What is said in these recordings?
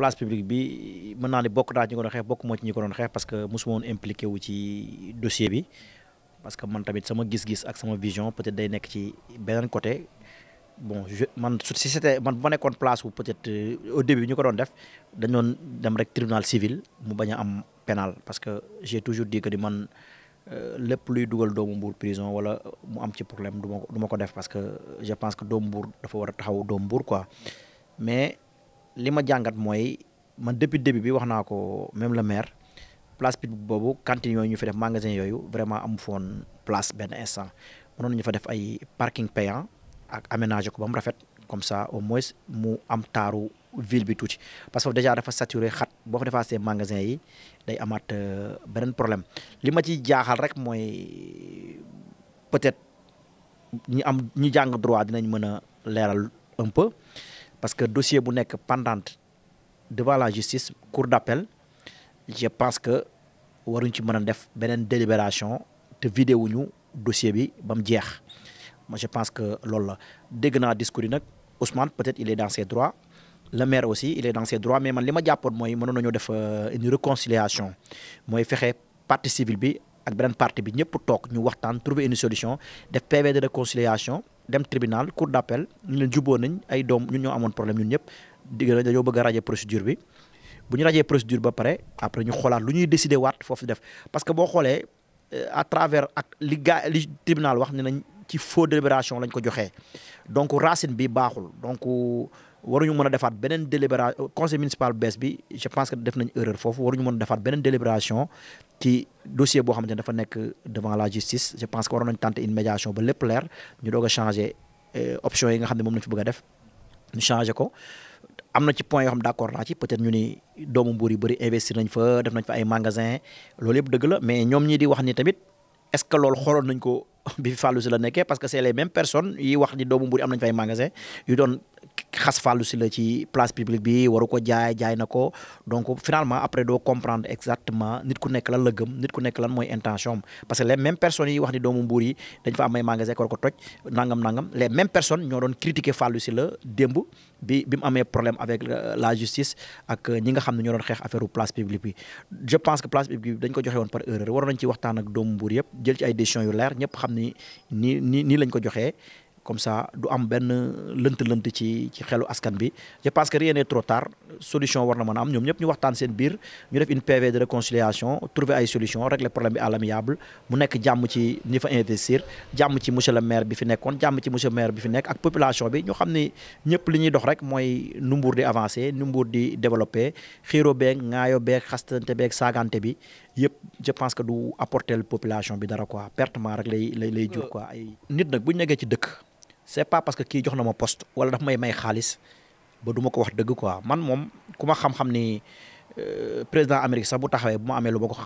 place publique bi mën naa ne bokk naa ci ñi ko doon xeex bokk moo ci ñi ko doon xeex parce que mosuma woon wu ci dossier bi parce que man tamit sama gis-gis ak sama vision peut-être day nekk ci beneen côté bon je man si c'était man bu ma nekkoon place wu peut-être euh, au début ñu ko doon def dañoon dem rek tribunal civil mu bañ a am pénal parce que j'ai toujours di ko di man euh, lépp luy dugal doomu mbuur prison wala mu am ci problème du ma ko ma ko def parce que je pense que doomu mbuur dafa war a taxaw doomu quoi li ma jàngat mooy man depuis début bi wax naa ko même le maire place publique boobu cantine ñu fi def magasin yooyu vraiment amu foon place benn instant mënoon ñu fa def ay parking payant ak aménager ko ba mu rafet comme ça au moins mu am taaru ville bi tuuti parce que déjà dafa saturé xat boo fa defaasee magasin yi day amaat euh, beneen problème li ma ci jaaxal rek mooy peut-être ñu am ñi jàng droit dinañ mën a leeral un peu parce que dossier bu nekk pendante devant la justice cour d'appel je pense que waruñ ci mën a def beneen délibération te vidé ñu dossier bi ba mu jeex moi je pense que loolu la dégg naa discours yi nag Ousmane peut-être il est dans ses droits le maire aussi il est dans ses mais man li ma jàppoon mooy mënoon nañoo def euh, une réconciliation mooy fexe parti civile bi ak beneen parti bi ñëpp toog ñu waxtaan trouver une solution def PV de réconciliation dem tribunal cour d'appel ñu leen juboo nañ ay doom ñun ñoo amoon problème ñun ñëpp digg na dañoo bëgg a raje procédure bi bu ñu rajee procédure ba pare après ñu xoolaat lu ñuy décider waat foofu def parce que boo xoolee euh, à travers ak li gaa li tribunal wax ne nañ ci faux délibération lañ ko joxee donc racine bi baaxul donc waruñu mën a defaat beneen délibération conseil municipal bees bi je pense que def nañ erreur foofu waruñu mën a defaat beneen délibération ci dossier boo xam ne dafa nekk devant la justice je pense que waroon nañ tenter une médiation ba lépp leer ñu doog a changer euh, option yi nga xam ne moom lañ fi bëgg def ñu changer ko. am na ci point yoo xam d'accord naa ci peut-être ñu ni doomu mbuur yu bëri investir nañ fa def nañ fa ay magasin loolu yëpp dëgg mais ñoom ñi di wax ni tamit est-ce que loolu nañ ko bi Fallou que c'est les mêmes personnes yi wax ni doomu mbuur yi xas si la ci place publique bi waru ko jaay jaay na ko donc finalement après doo comprendre exactement nit ku nekk lan la gëm nit ku nekk lan mooy intention parce que les mêmes personnes yi wax ni doomu mbuur yi dañ fa am ay magasin ko toj nangam nangam les mêmes personnes ñoo doon critiquer si la démb bi bi mu amee problème avec euh, la justice ak euh, ñi nga xam ne ñoo doon xeex affaire place publique bi je pense que place publique bi dañ ko joxe woon par erreur waroon nañ ci waxtaan ak doomu mbuur yëpp jël ci leer ñëpp xam ni nii nii lañ ko joxee comme ça du am benn lënt-lënt ci ci xelu askan bi je pense que rien n'est trop tard solution war na mën am ñoom ñëpp ñu waxtaan seen biir ñu def une PV de réconciliation trouver ay solution régler problème bi à l'amiable mu nekk jàmm ci ñi fa investir jàmm ci monsieur le maire bi fi nekkoon jàmm ci monsieur le maire bi fi nekk ak population bi ñu xam ni ñëpp li ñuy dox rek mooy nu Mbour di avancer nu di développer xiiro beeg ŋaayo beeg xastante beeg saagante bi yëpp je pense que du apporter population bi dara quoi pertement rek lay lay lay jur quoi ay nit nag buñ nekkee ci dëkk c'est pas parce que kii jox na ma post wala daf may may xaalis ba du ma ko wax dëgg quoi man moom ku ma xam-xam ni euh, président Amérique sax bu taxawee bu ma amee lu ma ko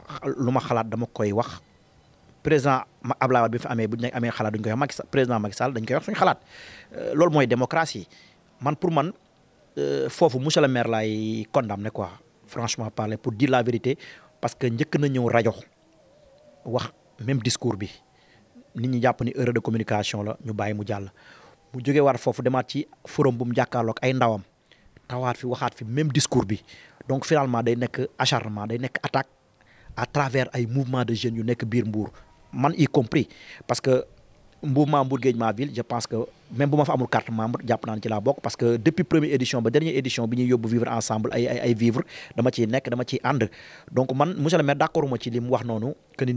lu ma xalaat dama koy wax président Abdoulaye Wade bi fi amee bu ñu amee xalaat duñ koy wax Macky président Macky Sall dañ koy wax suñu xalaat euh, loolu mooy démocratie man pour man euh, foofu monsieur le maire laay condamné quoi franchement parler pour dire la vérité parce que njëkk na ñëw rajo wax même discours bi. nit ñi jàpp ni erreur de communication la ñu bàyyi mu jàll mu jógee war foofu demaat ci forum bu mu jàkkaarloog ay ndawam tawaat fi waxaat fi même discours bi donc finalement day nekk acharnement day nekk attaque à ay mouvement de jeunes yu nekk biir Mbour man y compris parce que mouvement Mbour Guédiawaye ville je pense que même bu ma fa amul carte membre jàpp naa ne ci laa bokk parce que depuis première édition ba dernière édition bi ñuy yóbbu vivre ensemble ay vivre dama ciy nekk dama ciy ànd donc man monsieur le ma ci li mu wax noonu que ni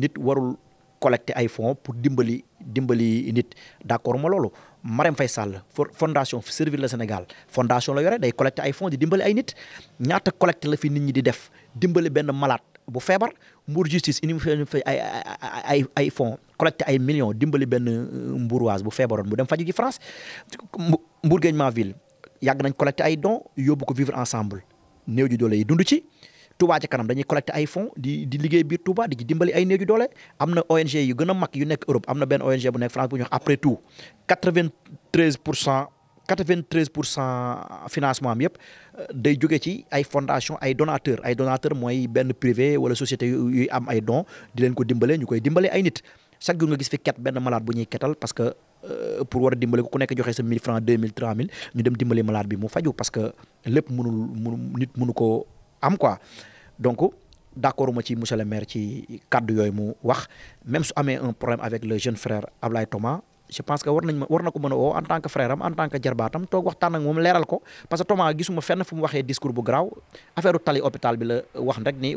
collecter ay fonds pour dimbali dimbali nit d'accord ma loolu Marème fay Sall fondation Servir le Sénégal fondation la yore day collecter ay fonds di dimbali ay nit ñaata collecter la fi nit ñi di def dimbali benn malade bu feebar Mbour justice indi fa ay ay ay fonds collecter ay millions dimbali benn euh, mbuurwaas bu feebaroon mu dem faju ji France Mbour Guédiawaye ville yàgg nañ collecter ay dons yóbbu ko vivre ensemble néew ju doole yi dund ci. tubaa ci kanam dañuy collecté ay fonds di di liggéey biir Touba di ci dimbali ay néegi doole am na ONG yu gën a mag yu nekk Europe am na benn ONG bu nekk France bu ñuy wax après tout 93 pour cent 93 pour cent financement am yëpp euh, day jóge ci ay fondation ay donateur ay donateur mooy benn privé wala société yuy am ay don di leen ko dimbalee ñu koy dimbale ay nit chaque jour nga gis fi ket benn malade bu ñuy ketal parce que euh, pour war a dimbale ko ku nekk joxe sa 1000 ñu dem dimbale malade mu faju parce que lépp mënul mënu nit mënu ko am quoi donc d'accord ma ci monsieur le maire yooyu mu wax même su amee un problème avec le jeune frère Ablaye Thomas je pense que war nañ ma war na ko mën a woo en tant que frère am en tant que jarbaatam toog waxtaan ak moom leeral ko parce que Thomas gisuma fenn fu mu waxee discours bu garaaw affaire tali hôpital bi la wax rek ni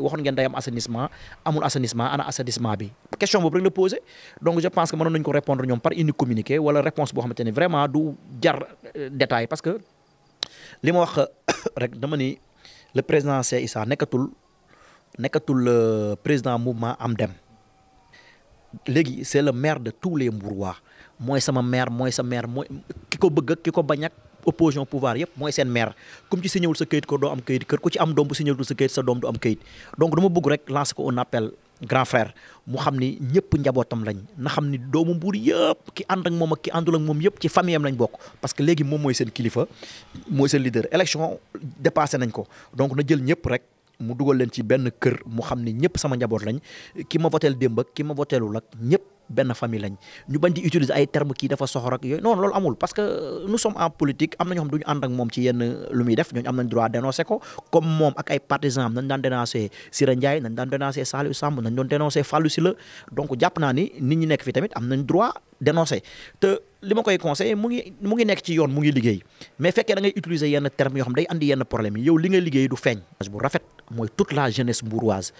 ñoom par une communiqué wala réponse boo xamante ne vraiment du jar euh, détail parce que li ma wax rek dama ni le président Cheikh Issa nekkatul nekkatul euh, président mouvement am dem léegi c'est le maire de tous les Mbourois mooy sama maire mooy sa maire mooy ki ko bëgg ak ki ko bañ ak opposition pouvoir yëpp mooy seen maire comme ci signéwul sa kayit ko doo am kayit kër ku ci am doom bu signéwul sa kayit sa doom du am kayit donc dama bëgg rek lancer ko un appel grand frère mu xam ni ñëpp njabootam lañ na xam ni doomu mbuur yëpp ki ànd ak moom ak ki àndul ak moom yëpp ci famille am lañ bokk parce que léegi moom mooy seen kilifa mooy seen leader élection dépassé nañ ko donc na jël ñëpp rek. mu dugal leen ci benn kër mu xam ne ñëpp sama njaboot lañ ki ma voteel démb ak ki ma voteelul ak ñëpp benn famille lañ ñu bañ di utiliser ay termes kii dafa soxor yooyu non loolu amul parce que nous sommes en politique am na xam du def ñooñu am nañ droit dénoncer ko comme moom ak ay partisans am nañ daan dénoncer Sira Ndiaye nañ daan dénoncer Saliou Samb nañ doon dénoncer Fallou donc jàpp naa ni nit ñi nekk fi tamit am nañ droit dénoncer te li ma koy conseillé mu ngi mu ngi nekk ci yoon mu ngi liggéey mais fekkee da ngay utiliser yenn termes yoo xam day andi yenn problème yi yow li nga liggéey du feeñ. bu rafet mooy toute la jeunesse mbuuroise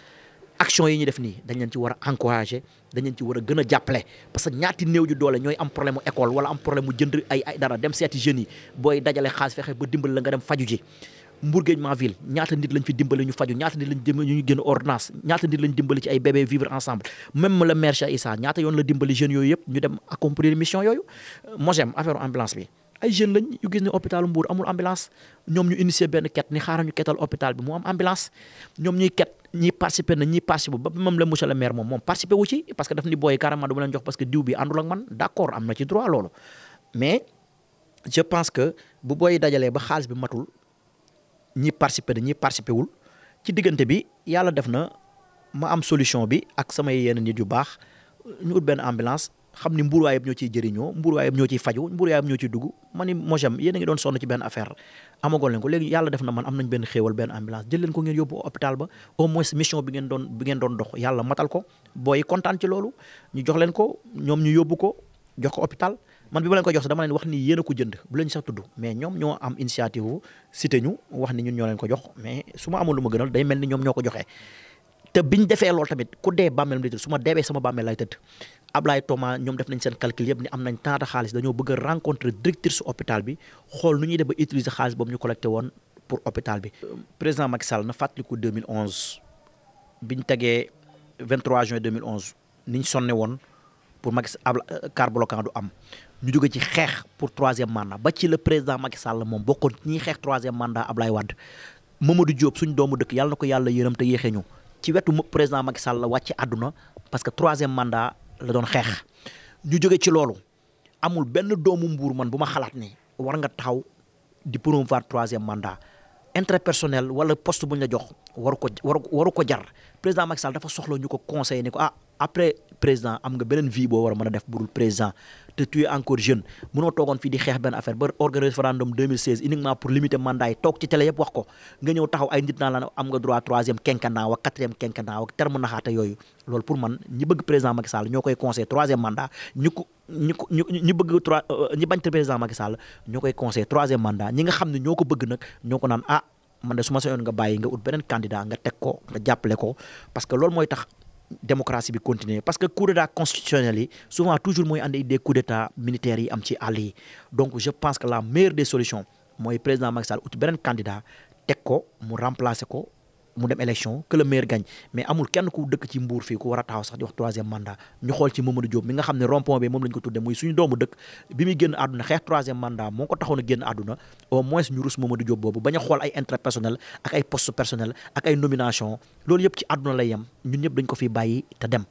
action yi ñu def nii dañ leen ci war a encourager dañ leen ci war a gën a jàppale parce que ñaati néew ju doole ñooy am problème mu école wala am problème mu jënd ay ay dem seeti jeunes yi booy dajale xaalis fexe ba dimbal la nga dem faju ji. Mbourgueñement ville ñaata nit lañ fi dimbale ñu faju ñaata nit lañ dimbale ci ay bébé vivre ensemble même le maire Cheikh Issa ñaata yoon la dimbale jeunes yooyu yëpp ñu dem accomplir mission yooyu mosem affaire ambulance bi ay jeunes lañ gis ne hôpital Mbour amul ambulance ñoom ñu initier benn ket ni xaaral ñu ketal hôpital bi mu am ambulance ñoom ñuy ket ñiy participer na ñiy participer ba moom la monsieur le maire moom moom participer wu ci parce booy carrément du ma leen ñi participer na ñi participer wul ci diggante bi yàlla def na ma am solution bi ak sama yenn nit yu baax ñu ut benn ambulance xam ni mbuurwaay yëpp ñoo ciy jëriñoo mbuurwaay yëpp ñoo ciy faju mbuurwaay yëpp ñoo ci dugg ma ni mojam yéen ngi doon sonn ci benn affaire amagoon leen ko léegi yàlla def na man am nañ benn xéewal benn ambulance jël ko ngeen yóbbu hôpital ba au moins mission bi ngeen doon bi ngeen doon dox yàlla matal ko booy kontaan ci loolu ñu jox leen ko ñoom ñu yóbbu ko jox ko hôpital man bi ma leen ko jox sax dama wax ni yéen a ko jënd bu leen sax tudd mais ñoom ñoo am initiative wu ñu wax ni ñu ñoo leen ko jox mais su ma amul lu ma gënal day mel ni ñoom ñoo ko joxe te ñu defee loolu tamit ku dee ba lay tëdd su ma deewee sama bàmmeel lay tëdd Ablaye Thomas ñoom def nañ seen calcul yëpp ni am nañ tant de xaalis dañoo bëgg a rencontrer directrice hôpital bi xool nu ñuy def ba utiliser xaalis boobu ñu collecté woon pour hôpital bi. président Macky Sall na fàttaliku 2011 biñ tegee 23 juin 2011 niñ sonne woon. pour Macky Sall car euh, bloquant du am ñu jóge ci xeex pour troisième mandat ba ci la président Macky Sall moom bokkoon ñiy xeex troisième mandat Ablaye Wade Mamadou Diop suñ doomu dëkk yàlla na ko yàlla yërëm te yéexee ñu ci wetu président Macky Sall la wàcc àdduna parce que troisième mandat la doon xeex ñu jóge ci loolu amul benn doomu mbuur man bu ma xalaat ni war nga taxaw di promouvoir troisième mandat intérêt personnel wala post bu ñu la jox waru ko waru waru ko jar président Macky Sall dafa soxla ñu ko conseiller ne ko ah. après président am nga beneen vie boo war a mën a def budul président te encore jeune mënoo toogoon fii di xeex benn affaire ba organiser i 2016 uniquement pour limiter mandat yi toog ci télé yëpp wax ko nga ñëw taxaw ay nit naa la am nga droit troisième quinquennat wa quatrième quinquennat wa terme naxaate yooyu loolu pour man ñi bëgg président Macky Sall ñoo koy conseil troisième mandat ñu euh, ko mandat ñi nga xam ne ñoo ko bëgg nag ñoo ko naan ah man de su ma sañoon nga bàyyi nga ut beneen candidat nga teg ko nga jàppale ko parce que loolu tax démocratie bi continuer parce que coup d'état constitutionnel yi souvent toujours mooy andi des coups d'état militaires yi am ci àll donc je pense que la meilleure des solutions mooy président Macky Sall ut beneen candidat teg ko mu remplacer ko mu dem élection que le maire gagne mais amul kenn ku dëkk ci mbuur fii ku war a taxaw sax di wax troisième mandat ñu xool ci Mamadou Diop mi nga xam ne rond-point bi moom lañ ko tudde muy suñu doomu dëkk bi muy génn àdduna xeex troisième mandat moo ko taxoon a génn àdduna au moins ñu rus Mamadou Diop boobu bañ a xool ay intérêt ak ay poste personnel ak ay nomination loolu yëpp ci àdduna lay yem ñun ñëpp dañ ko fi bàyyi te dem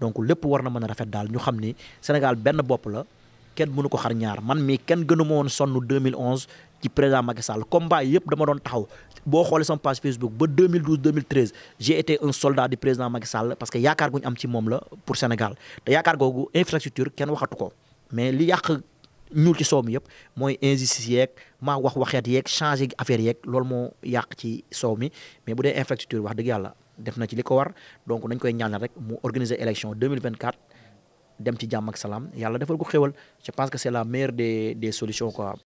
donc lépp war na mën a rafet daal ñu xam ni Sénégal benn bopp la kenn mënu ko xar ñaar man mii kenn gënu ma woon sonn 2011 ci président Macky Sall combat yëpp dama doon taxaw boo xoolee sama page Facebook ba 2012 2013 j'ai été un soldat du président Macky Sall parce que yaakaar guñu am ci moom la pour Sénégal te yaakaar googu infrastructure kenn waxatu ko wax waxeet yeeg changé affaire yeeg loolu ci li ko war donc nañ koy ñaanal rek mu organiser élection 2024 dem ci jàmm ak salaam yàlla defal ko xéwal je pense que c'est la meilleure des des solutions